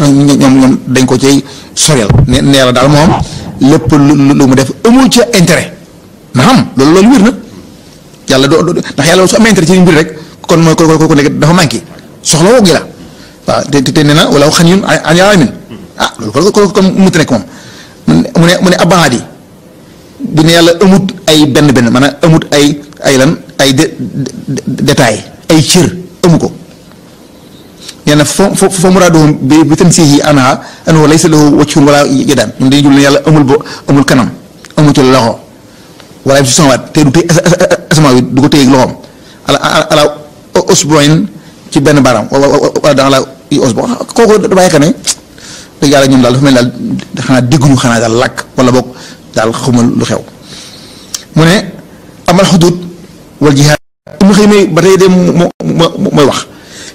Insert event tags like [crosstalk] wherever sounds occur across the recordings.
ba ñoom ñoom dañ ko cay soreel ne nee la daal moom lépp lu lu mu def amoo ca intérêt na xam loolu loolu wér na yàlla doo ndax yàlla su am intérêt ci mbir rek kon mooy ko ko ko nekk dafa manqué soxla woo gi la waaw te te nee na wala waxan yun an yàlla amin ah loolu ko kon mënut nekk moom mu ne mu ne abaadi bu ne yàlla amut ay benn benn maanaam amut ay ay lan ay détail ay cër amu ko neena foo foo foo muraaduhum bi bi tansiihi anha annahu laysa lahu wajhun wala yadaan ci loxo wala yëpp benn baaraam wala wala dans la usbu' kooku dafa ñoom daal dafa mel daal xanaa dégguñu xanaa daal làkk wala boog daal xamul lu xew mu ne amal xuduud wal jihaad. mu xëy may ba tey de mooy wax.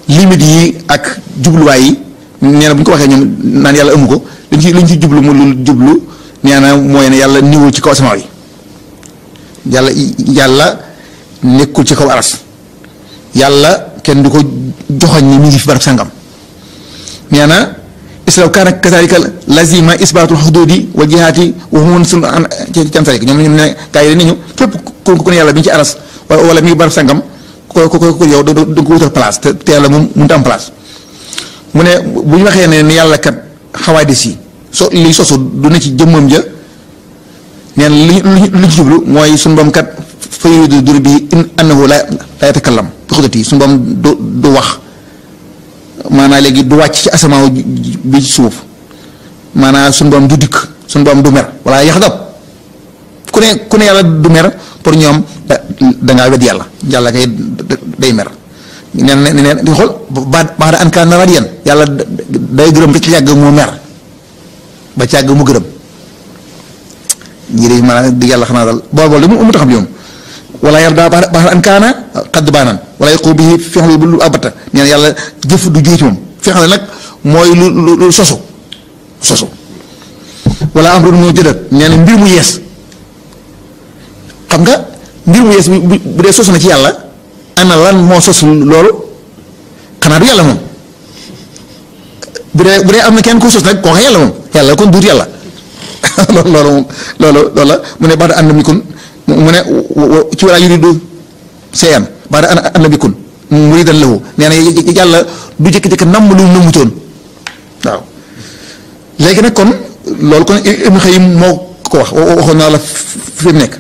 limite yi ak djublu way neena buñ ko waxe ñoom naan yalla ëmu ko liñ ci liñ ci jublu mu lul jublu neena moy ne yalla niwul ci kaw asamaaw yi yalla yalla nekkul ci kaw aras yalla kenn du ko ni mi ngi fi sangam neena islaw kana kazalika lazima isbatul hududi wa jihati wa hum sun an ci tan tari ñom ñu ne kay ni ñu fep ko ko yalla bi ci aras wala mi barab sangam ko ko ko yow do do ko wutal place te te yàlla mu mu am place mu ne bu ñu waxee ne yàlla kat xawaay de si so li sosu du ne ci jëmum ja neen li li ci jublu moy sun borom kat du dur bi in annahu la la yatakallam bi sun suñu du du wax mana legi du wacc ci asama bi ci suuf mana sun borom du dik sun borom du mer wala yaxdab ku ne ku ne yàlla du mer pour ñom eh, da nga wet yalla yalla kay day mer neen neen di xol ba ba da an yalla day gërem ci yàgg mu mer ba ci yàgg mu gërem ñi di ma di yalla xana dal bo bo li mu umu taxam ñoom wala yarda ba da an kaana qad banan wala yaqu bi fi bu lu abata neen yalla jëf du fi xal nak lu lu sosu sosu wala amru mu jëdat neen mbir mu xam nga mbir mu yees bu bu dee sos na ci yàlla ana lan moo sos loolu xanaa du yàlla moom bu dee bu dee am na kenn ku sos nag koo xam yàlla moom yàlla kon duut yàlla [laughs] loolu moom loolu loolu la mu ne baada ànd mi kun mu ne ci wàllu yu du na yàlla du jëkk-jëkk namm lu nammutoon waaw léegi nag kon loolu kon Ibn Xayyim moo ko wax waxoon naa la fi nekk.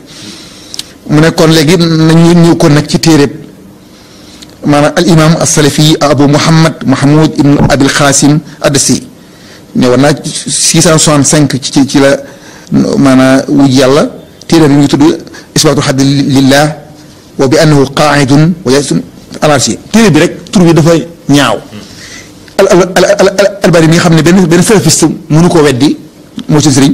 mu ne kon léegi nañu ñëw kon nag ci téeréb maanaam al imam asalafi abu muhammad mahmoud ibn abil xaasim addasi ne war naa 665 ci ci la maanaa wuj yàlla téere bi ñu tudd isbaatu xadd lillah wa bi annahu qaaidun wa yasun alarsi téere bi rek tur bi dafa ñaaw al albari mi nga xam ne benn benn salafiste mënu ko weddi moo ci sëriñ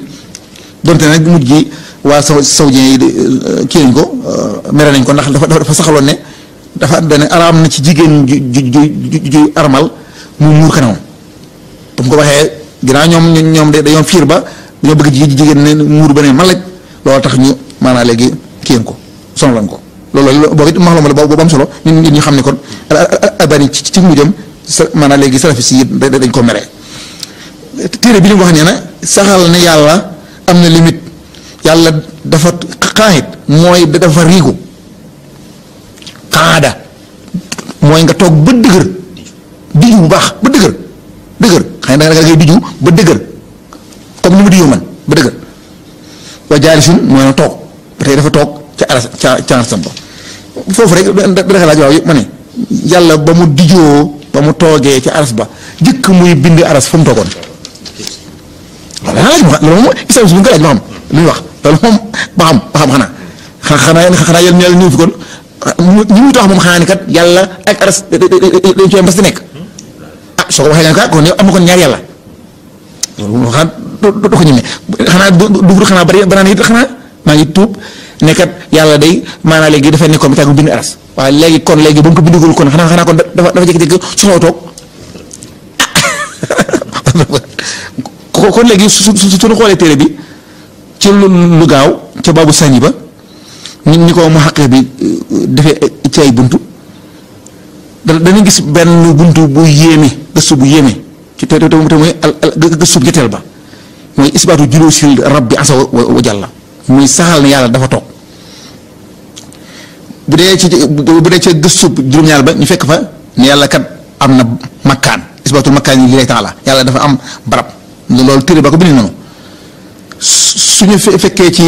donte nag mujj gi waa saw sawjeen yi euh, kii nañ ko euh, mere nañ ko ndax dafa dafa saxaloon ne dafa dana araam na ci jigéen ju ju ju armal mu muur kanamam bu mu ko waxee ginnaaw ñoom ñoom dañoo fiir ba dañoo ji jigéen ne muur ba ne man lañ loolu tax ñu maanaam léegi kii ko sonaloon ko loolu boobu it maxluma la boobu am solo ñun ñu xam ne kon abani ci ci mujjam sa maanaam léegi salafis yi dañ ko mere téere bi li mu wax nee na saxal ne yàlla am na limite. yalla dafa qahid moy dafa rigu qada moy nga tok ba dëgër diju bu baax ba dëgër dëgër xay na nga ngay diju ba dëgër tok ni mu diju man ba dëgër wa jaalisin moy na tok tay dafa tok ci aras ci ca arsam fofu rek dana xala jaw ma ne ba mu dijoo ba mu toogee ci aras ba jik muy bindi aras fum togon wala la mo isa ma loolu mo islam lu wax loolu moom ba xam ba xam xanaa xa xanaa yéen xanaa yéen ñëw nañu fi kon ñu muy tax moom xanaa ni kat yàlla ak aras dañ cee mbas di nekk ah soo ko waxee nga kon yow am kon ñaar yàlla loolu moom xanaa du ko ñemee xanaa du du xanaa bari banaan it xanaa maa ngi tuub ne kat yàlla day maanaam léegi dafay nekkoon bi tàggu bind aras waaye léegi kon léegi ba mu ko bindugul kon xanaa xanaa kon dafa dafa jékki-jékki soxla kon léegi su su su ñu xoolee téere bi. ci lu lu gaaw ci babu sañi ba nit ñi ko mu xaqe bi euh, defé euh, ci ay buntu dana gis ben buntu bu yéeme gëstu bu yéeme ci te te te mooy gëstu ba mooy isbaatu julusil rabbi asa wa jalla moy saxal ni yalla dafa tok bu dee ci bu dee ci gëstu juróom ñal ba ñu fekk fa ni yalla kat amna makkan isbatu makkan makkaan lay taala yalla dafa am barab lool tire ba ko suñu fekkee ci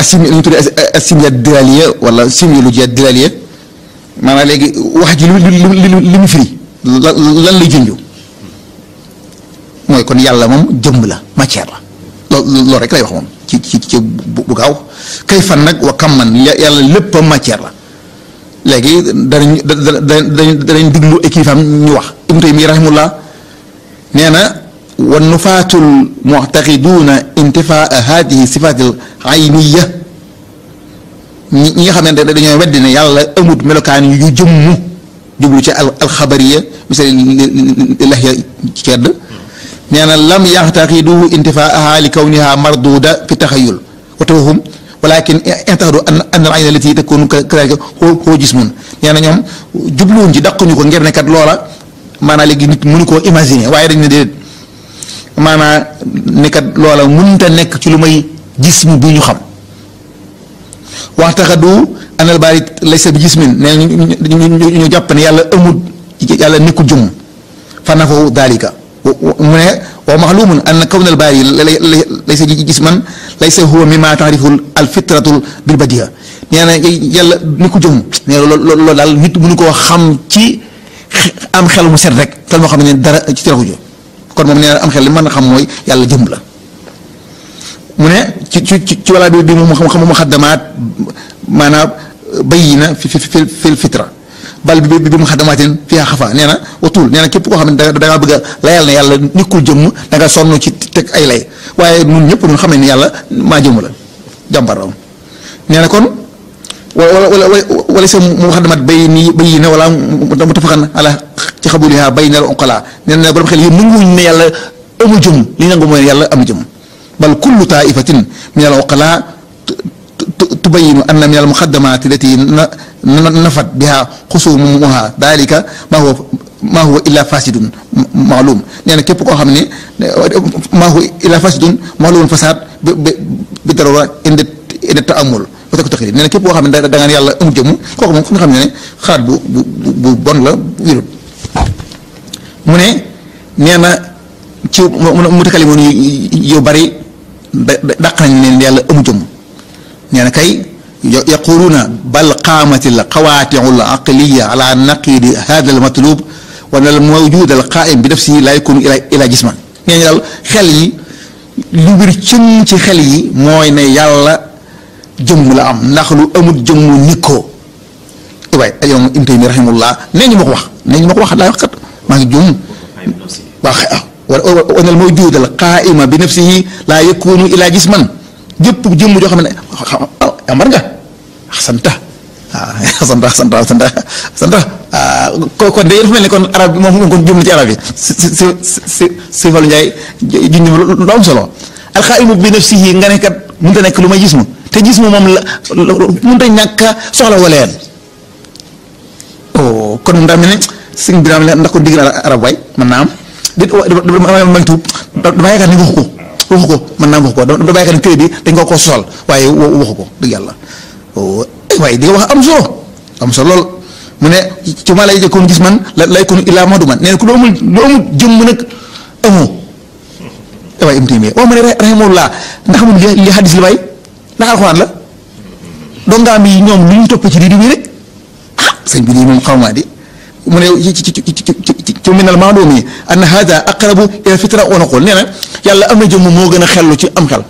assimil nu mu tudd assimilate dilaliya wala simiologie dilaliya maanaam léegi wax ji lu li mu firi lan lay junju mooy kon yàlla moom jëmb la matière la lool loolu rek lay wax moom ci ci ci bu gaaw kay fan nag wa kam man yàlla lépp matière la léegi danañ danañ danañ diglu équipe am ñu wax ibnu taymi rahimullah nee na والنفاة المعتقدون انتفاء هذه الصفات العينية نيغا خامن دا دانيو ودي ني يالا اموت ملوكان يو جيم جوبلو سي الخبريه مثل الله كيد نانا لم يعتقدوا انتفاء حال كونها مردوده في التخيل وتوهم ولكن اعتقدوا ان ان العين التي تكون كذلك هو هو جسم نانا نيوم جوبلو نجي دقنيكو غير نكات لولا مانا نيت مونيكو ايماجيني واي دني ديت maanaa ne kat loola munta nekk ci lu may jism bi ñu xam waxtaxadu anal baari laysa bi jismin ne ñu jàpp ne yàlla amul yàlla nekku jum fa nafahu dalika mu ne wa maxlumun an kawn al baari laysa jisman laysa huwa mima taarifu al fitratu bil badiha nee na yàlla nekku jum ne lo daal nit mënu koo xam ci am xel mu set rek tel moo xam ne dara ci teraku jo kon moom nee na am xel li mën a xam mooy yàlla jëm la mu ne ci ci ci walla bi bi mu xam xamu muxaddamaat maanaam na fi fi fi fitra bal bi bi mu xaddamaatin fi xafa nee na watul nee na képp koo xam ne da nga bëgg a layal ne yàlla nikkul jëmm da nga sonn ci teg ay lay waaye ñun ñëpp ñun xam ne ni yàlla maa jëmm la jàmbar nee na kon. وليس مخدمات بيني بينه ولا متفقا على تقبلها بين الانقلاء لان برب خلي نغو ني يالا امو جوم لي نغو موي يالا ام جوم بل كل طائفه من الانقلاء تبين ان من المخدمات التي نفت بها خصومها ذلك ما هو ما هو الا فاسد معلوم لان كيب كو ما هو الا فاسد معلوم فساد بالضروره عند التامل parce que taxiri nee na képp koo xam ne da ngaan yàlla amul jëmm kooku moom fu ñu xam ne ne xalaat bu bu bon la mu ne nee na ci mutakallimoon yu bari da dàq nañ ne yàlla amul jëmm nee na kay yaquluuna bal qaamati l qawaaticu l aqliya ala naqidi hada al matlub wana al mawjud al qaim bi nafsihi la yakunu ila ila jisman nee na daal xel yi lu bir cëm ci xel yi mooy ne yàlla jëmm la am ndax lu amut jëmmu nikkoo waaye yow Ibn Taymiya rahimahullah nee ñu ma ko wax nee ñu ma ko wax laay wax kat maa ngi juum waaw wala onel a juudal laa yakunu ilaa jisman jëpp joo xam ne amar nga ahsanta ahsanta ahsanta ahsanta ko kon de dafa mel ni kon arab bi moom kon juum na ci arab yi si si si si si Fallou Ndiaye junj lu am solo alqaa'imu bi nafsihi nga ne kat mënut nekk lu may gis ma te gis mu moom la mënut a ñàkk a soxla waleen oh kon mu daal ne sëñ bi daal ndax ko digg arab waay mën naa am di man tuub dama yaakaar ne waxu ko ko mën naa waxu ko dama yaakaar dañ koo ko sol waaye waxu ko dëgg yàlla waaye di wax am solo am solo lool mu ne ci ma gis man la lay ma du man nee na ku lu amul lu amul jëmm nag ne rahimahullah ndax mun li xadis li waay ndax alxuraan la dongaam yi ñoom lu ñu topp ci riir bii rek ah sëñ bi nii moom xaw maa di mu ne ci ci ci ci ci ci minal maalumi anna hada aqrabu ila fitra wa naqul nee na yàlla am na jëmm moo gën a xellu ci am xel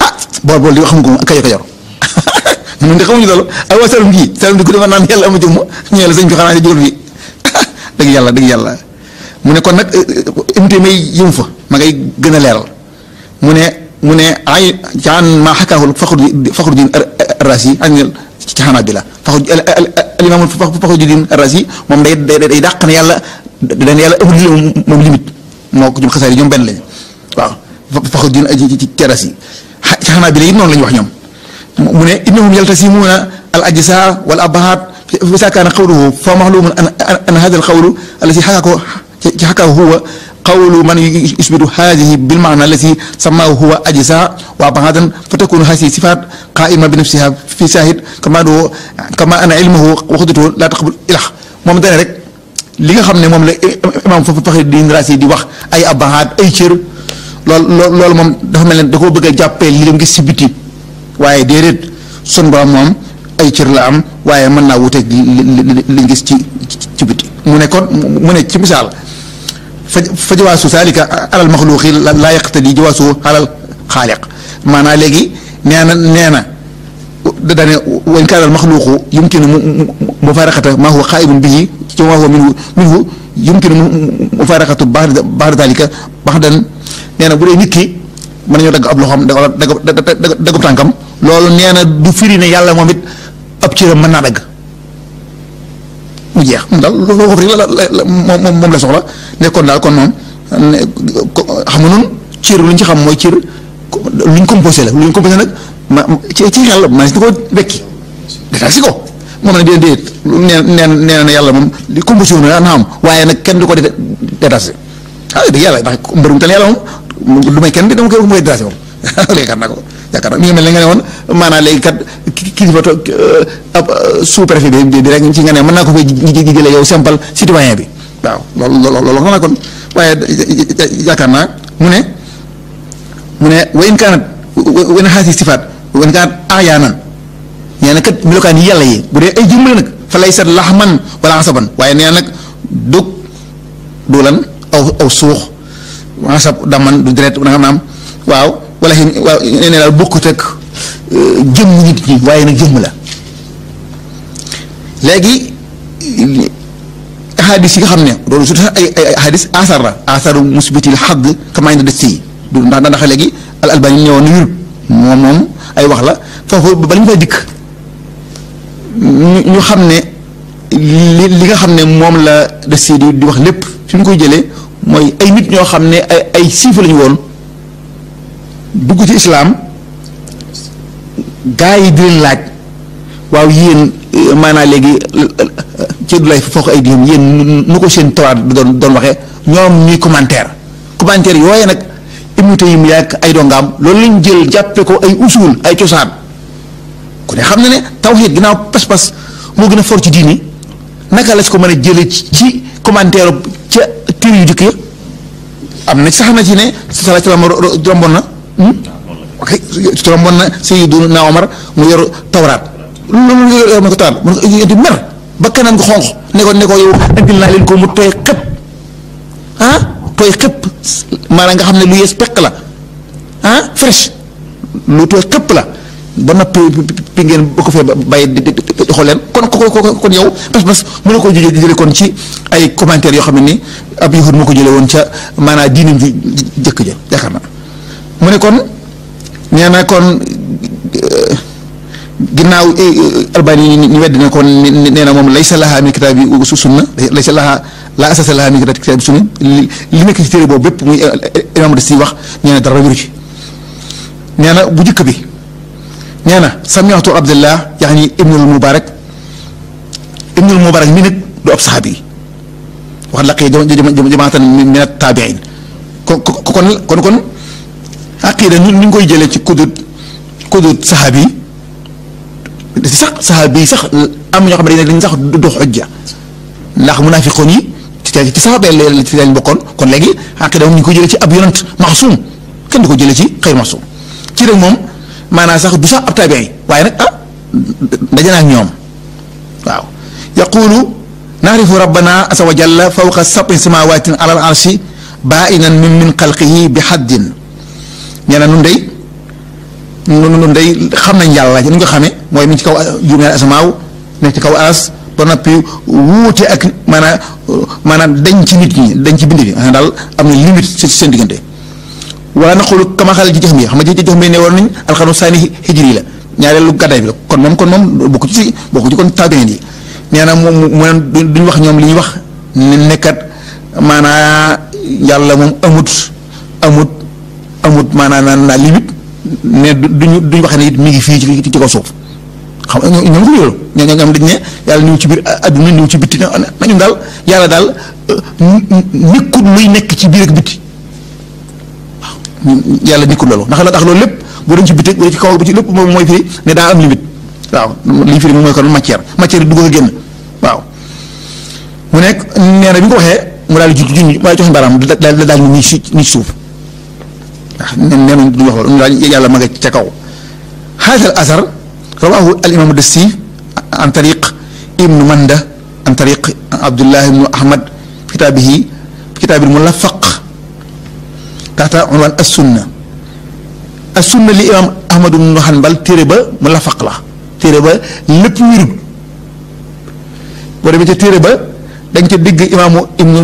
ah bool bool di xam ko kay ko yor [laughs] ñun de xamuñu loolu ay am na jëmm ñu ne la sëñ bi [laughs] yàlla dëgg yàlla mu ne kon nag imité may yëm fa ma ngay gën a leeral mu ne. من عي كان ما حكاه الفخر فخر الدين الرازي عن الكهنة دلا فخر ال ال ال الإمام فخر الدين الرازي من بيد بيد بيد دقن يلا دن يلا أهل يوم مملمت ما كنت خسر يوم بين لين فخر الدين أجي تي كراسي كهنة دلا ينون لين وحيم من إنهم يلتسمون الأجساء والأبهات فإذا كان قوله فمعلوم أن أن هذا القول الذي حكاه هو qawlu man yusbitu haadihi bil maana allati samaahu huwa ajzaa wa abadan fa takunu haasihi sifaat qaa'ima bi nafsiha fi saahid kama do kama ana ilmuhu wa xudatuhu laa taqbul ilah moom dana rek li nga xam ne moom la imaam foofu Faxrudiin di wax ay abahad ay cër loolu loolu moom dafa mel ne da koo bëgg a jàppee li dem gis si biti waaye déedéet sun borom moom ay cër la am waaye man naa wuteeg li li li gis ci ci biti mu ne kon mu ne ci misaal. fa fa jawaasu saalika alal maxluuqi laa yaqtadi jawaasu alal xaaliq maanaam léegi nee na nee na daanaka wa in kaana al maxluuqu yumkinu mufaaraqata maa huwa xaaibun bihi ci maa huwa minhu minhu yumkinu mufaaraqatu ba'da ba'da daalika baxdan nee na bu dee nit ki mën nañoo dagg ab loxoom wala dagg dagg tànkam loolu nee na du firi ne yàlla moom it ab cëram mën naa dagg. mu jeex moom daal loolu foofu rek la la moom moom la soxla ne kon daal kon moom xam nga noonu cër lu ñu ci xam mooy cër lu ñu composé la lu ñu composé nag ma ci ci xel ma si ko ko moom la déet déet nee na na yàlla moom li composé wu na am waaye nag kenn du ko def détaché ah dëgg yàlla ndax mbër mu tal yàlla moom lu may kenn di dama koy dama koy moom léegi [laughs] xam naa ko. yaakaar mi mel ne nga ne jadi maanaam léegi kat kilifa to euh, euh, sous préfet bi di rek ci nga ne mën naa ko fay jëlee yow simple citoyen bi waaw lolou lolou xana kon waye yaakaar naa mu ne mu ne wa in kanat wa in hasi sifat wa in kaanat aayaanan nee kat melokaan yi yàlla yi bu dee ay jëmm nak fa lay sat lahman wala asaban waye ne nak duk dulan aw aw aw wa sab daman du deret nga nam waaw wala waaw nee na daal bokkut ak euh, jëmm nit ñi waaye nag jëmm la léegi ahadis yi nga xam ne loolu surtout ay ay ahadis asar la asaru musbitil xadd kamaa inda dëssi du ndax ndax léegi al albani ñëwoon na yurub moom ay wax la foofu bala dikk ñu xam ne li li nga xam ne moom la dëssi di wax lépp suñ koy jëlee mooy ay nit ñoo xam ne ay ay siifa lañu woon. dugg ci islaam gaa yi di leen laaj waaw yéen maanaa léegi ci du foo foofu ay diim yéen nu ko seen tawaat doon doon waxee ñoom ñuy commentaire commentaire yooye nag Ibnu Taymiyya mu yàgg ay dongaam loolu lañ jël jàppe ko ay usul ay cosaan ku ne xam na ne tawxiid ginnaaw pas-pas moo gën a for ci diini naka la si ko mën a jële ci commentaire ca téere yu jëkk ya am na sax si ci ne sallallahu alayhi wa sallam romboon na turam mon na sayyiduna omar mu yor tawrat lu yor ma ko tawrat mu ko di mer ba kanam gu xonx ne ko ne ko yow andil na len ko mu toy xep ah toy xep mara nga xamne lu yes pek la ah fresh lu toy xep la ba nopp bi ngeen ko fe bay xolen kon ko kon yow bas bas mu ne ko jëjë jëlé kon ci ay commentaire yo xamni ab yahud mako jëlé won ca mana diinam ji jëk ja yakarna mu ne kon nee na kon eh, ginnaaw eh, eh, albani ñu wedd ne kon nee na moom laysa laha min kitaab yi sunna laysa laha la asasa laha min kitaab sunna li nekk ci téere boobu bépp muy imam de si wax nee na dara wéru ci nee bu njëkk bi nee na samiatu abdillah yaani ibnul mubarak ibnul mubarak mi nag du ab saxaabi yi wax laqi jamaatan min at taabiin kon kon kon kon aqida ñun ñu ngi koy jëlee ci kudut kudut saxaabi sax saxaabi yi sax am ñoo xam ne dañ sax du dox xujja ndax munaafiqoon yi ci tey ci saxaaba la ci lañ bokkoon kon léegi aqida ñu ngi koy jëlee ci ab yonant maxsuum kenn du ko jëlee ci xëy maxsuum ci rek moom maanaam sax du sax ab tabi'i waaye nag ah daje naa ak ñoom waaw yaqulu naarifu rabbana azza wa jalla fawqa sab'i samawaatin alal arshi baa'inan min min xalqihi bi haddin ñeneen nu ndey nu ndey xam nañ yàlla ci nu nga xamee mooy mi ngi ci kaw uh, juróom-ñaari asamaaw nekk ci kaw aras ba noppi wuute ak maanaam uh, maanaam deñ ci nit ñi dañ ci bind bi maanaam daal am na limite ci seen diggante wala naqulu kama xalal ci jaxmi xam nga ci jaxmi ne woon nañ alxanu saani hijri la ñaareelu gàddaay bi la kon moom kon moom bokku ci bokku ci kon tabiin yi nee na moom duñ wax ñoom li ñuy wax ne nekkat maanaa yàlla moom amut amut amut maanaam naa limite ne duñu duñu wax ne it mi ngi fii ci ci ko suuf xam nga ñoom ñoo ko ñoo ñoom dañ ne yàlla ñëw ci biir àdduna ñëw ci bitti na ñun daal yàlla daal euh, nekkul luy nekk ci biir ak bitti waaw yàlla nekkul loolu ndax la tax loolu lépp boo ci bitti ci kaw ba ci lépp moom mooy firi ne daa am limite waaw li ñu firi moom mooy kon matière matière yi dugg ko génn waaw mu nekk nee na bi nga ko waxee mu daal di jiitu junj waaye jox mbaaraam daal daal ñu ci suuf. نعم. نعم. نعم. هذا الأثر رواه الإمام الدستي عن طريق ابن مندة عن طريق عبد الله بن أحمد في كتابه في كتاب الملفق تحت عنوان السنة السنة لإمام أحمد بن حنبل تيربا ملفق له تيربا لب ويرب تيربا dañ ca digg imaamu ibnu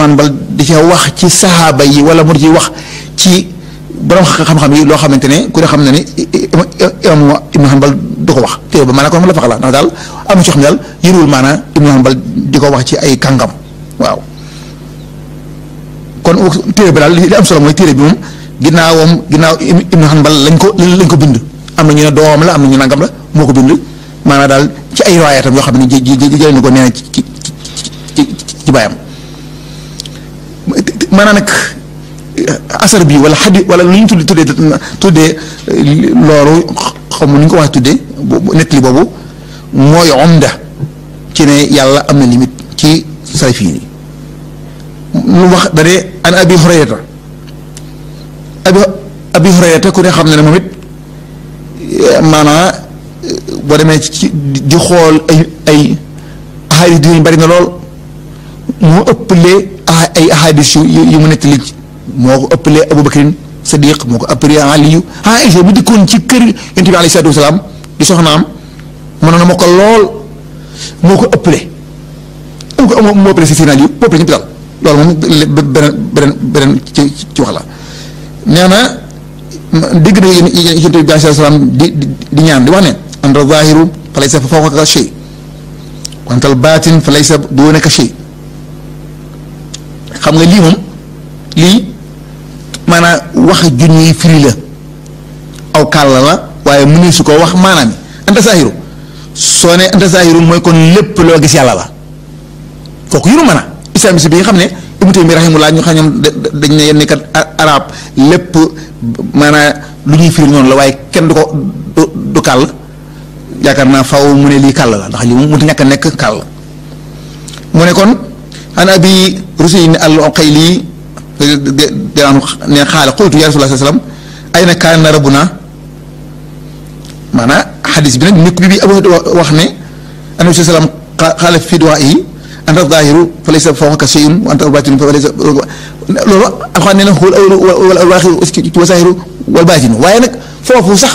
Hanbal di ca wax ci saxaaba yi wala mu ci wax ci borom xam-xam yi loo xamante ne ku ne xam na ne imaamu ibnu Hanbal du ko wax te ba maanaam kon la fax la ndax daal am na ci xam ne daal yëruwul maanaam ibnu Hanbal di ko wax ci ay kàngam waaw kon téere ba daal li am solo mooy téere bi moom ginnaawam ginnaaw ibnu Hanbal lañ ko lañ ko bind am na ñu ne doomam la am na ñu nangam la moo ko bind. maanaam daal ci ay riwaayatam yoo xam ne jë jëlee na ko nee na ci ci ci ci baayam maanaam nag eh, asar bi wala xadi wala lu ñu tuddee tuddee eh, loolu xam nu ñu ko wax tuddee bu boobu mooy omda ci ne yàlla am na limite ci salaf yi lu wax da dee an abi hurayrata abi abi ku ne xam ne ne moom it eh, maanaa boo demee ci di xool ay ay ahadis dinañ bari na lool moo ëppalee ah, ay ahadis yu yu mu nettali moo ko ëppalee Aboubacrine Sadiq moo ko ëppalee Aliyu ah, Aïcha bi dikkoon ci kër yonent bi alayhi salaatu wasalaam di soxnaam mënoon na ma ko lool moo ko ëppalee moo ko moo ëppalee si final yi ëppalee ñëpp daal loolu moom beneen beneen beneen ci ci wax la nee na dégg na yonent bi alayhi salaatu wasalaam di di ñaan di wax ne. anta zaahirun fa laysa fawqaka shay wa anta baatin fa laysa duunaka shay xam nga lii moom lii maanaa wax junniy firi la aw kàlla la waaye mu ne su ko wax maanaam anta zaahiru soo ne anta zaahirun mooy kon lépp loo gis yàlla la kooku yunu mën a islam si bi nga xam ne Ibnu Taymiya rahimahullah ñu xam ñoom dañ ne yenn kat lépp maanaam lu ñuy firi noonu la waaye kenn du ko du kàll yaakaar naa faw mu ne lii kàll la ndax lii mu ñàkk a nekk kàll mu ne kon an abi rusi al uqayli daan ne xaala qultu ya rasulullah sallam ayna kaana rabbuna maanaam xadis bi nag nit bi bi abu wax ne anabi sa salaam xaala fi duwaa yi anta zaahiru fa laysa fawqaka shay'un wa anta na waaye nag foofu sax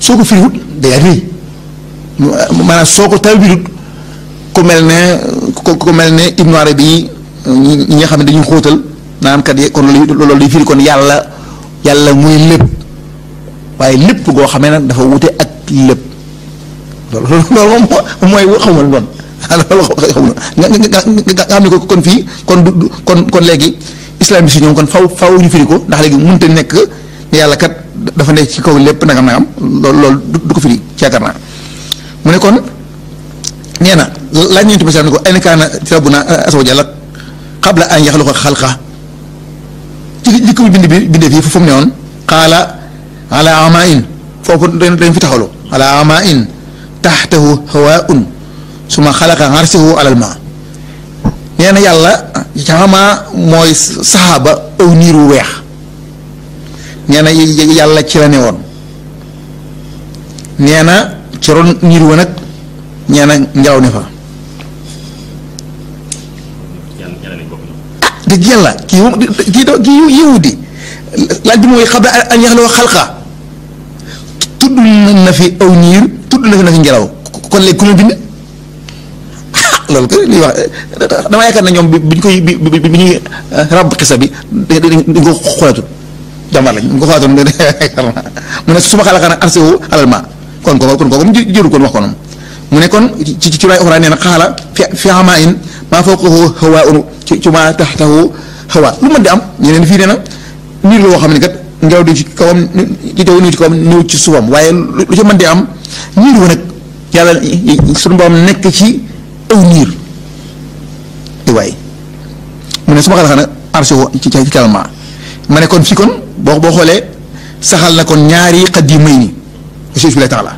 soo ko firiwut day rëy maanaam soo ko tawilul ku mel ne ku mel ne Ibnu Arabi ñi ñi xam ne dañu xóotal naan kat kon loolu day firi kon yàlla yàlla muy lépp waaye lépp goo xamee nag dafa wute ak lépp loolu loolu moom mooy xamuma lu doon [laughs] loolu xamuma nga nga nga xam ne ko kon fii kon du kon kon léegi islam si ñoom kon faw faw ñu firi ko ndax léegi mënut a nekk yàlla kat dafa nekk ci kaw lépp nagam nagam loolu loolu du ko firi ci yaakaar naa. mu ne kon nee na laaj nañu tubaab ne ko ay na kaana rabbunaa jalla qabla an yaxluqa xalqa ci li bind bi bindee fii foofu mu ne woon qaala ala ama in foofu dañ fi taxawlu ala ama in taxtahu hawaun suma xalaqa arsahu alal maa nee yàlla xamaa mooy saxaaba aw niir wu weex nee na yàlla ci la ne woon nee ci ron niir wa nag ñee na ngelaw ne fa dëgg yàlla kii moom kii doo kii yëwu di laaj bi mooy xabla an yaxloo xalqa tudd na fi aw niir tudd na fi na fi ngelaw kon léegi ku ma bind loolu kay liy wax damaa yaakaar na ñoom bi bi ñu koy bi bi bi ñuy rab xisa bi dañ dañ ko xoolatul jàmbaar lañ dañ ko xoolatul mu ne suba xalaqa nag arsiwu alal maa kon kooku kon kooku mu jëru kon ko noonu mu ne kon ci ci waay oxraan nee na xaala fi fi xamaa in maa fawqahu hawaa'un ci ci maa tahtahu hawaa'un lu mën di am ñeneen fii nee na niir la woo xam ne kat ngelaw di ci kawam ci taw nii ci kawam ci suufam waaye lu ci di am niir wa nag nekk ci aw mu ne su ma xalaat nag arché ci ci calme ma ne kon fii kon boo xoolee saxal na kon ñaari xaddi may nii juge bi lay tax la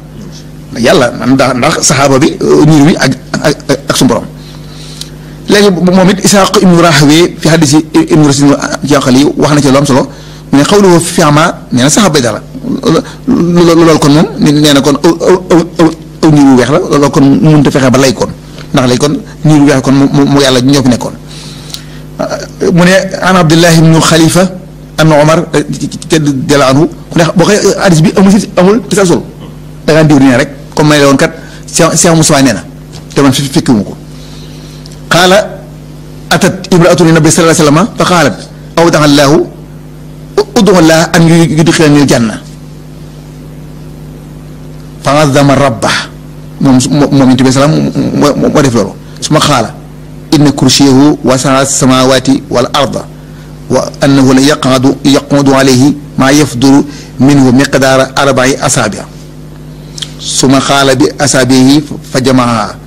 yàlla ndax ndax saxaaba bi niir euh, wi ak ak ak suñu borom léegi moom it Isaaq ibnu Rahawee fi hadis ibnu Rasin yi wax na ci lu am solo mu ne xawluhu fi ama nee na saxaaba dara loolu kon moom nee na kon aw niir wu weex la loolu kon mënut a fexe ba lay kon ndax lay kon niir weex kon mu yàlla ñoo fi nekkoon euh, mu ne an Abdullah ibnu Xalifa ان عمر ديال عنه بوخي حديث بي امول امول تسول دا غان دير ني رك كوم ماي لون كات سي أنا نينا تمن فيكي موكو قال اتت امراه النبي صلى الله عليه وسلم فقالت اودع الله ادعو الله ان يدخلني الجنه فعظم ربه مؤمن تبي سلام ما ديف لولو سما خاله ان كرسيه وسع السماوات والارض وأنه لا يقعد يقعد عليه ما يفضل منه مقدار أربع أصابع ثم قال بأصابعه فجمعها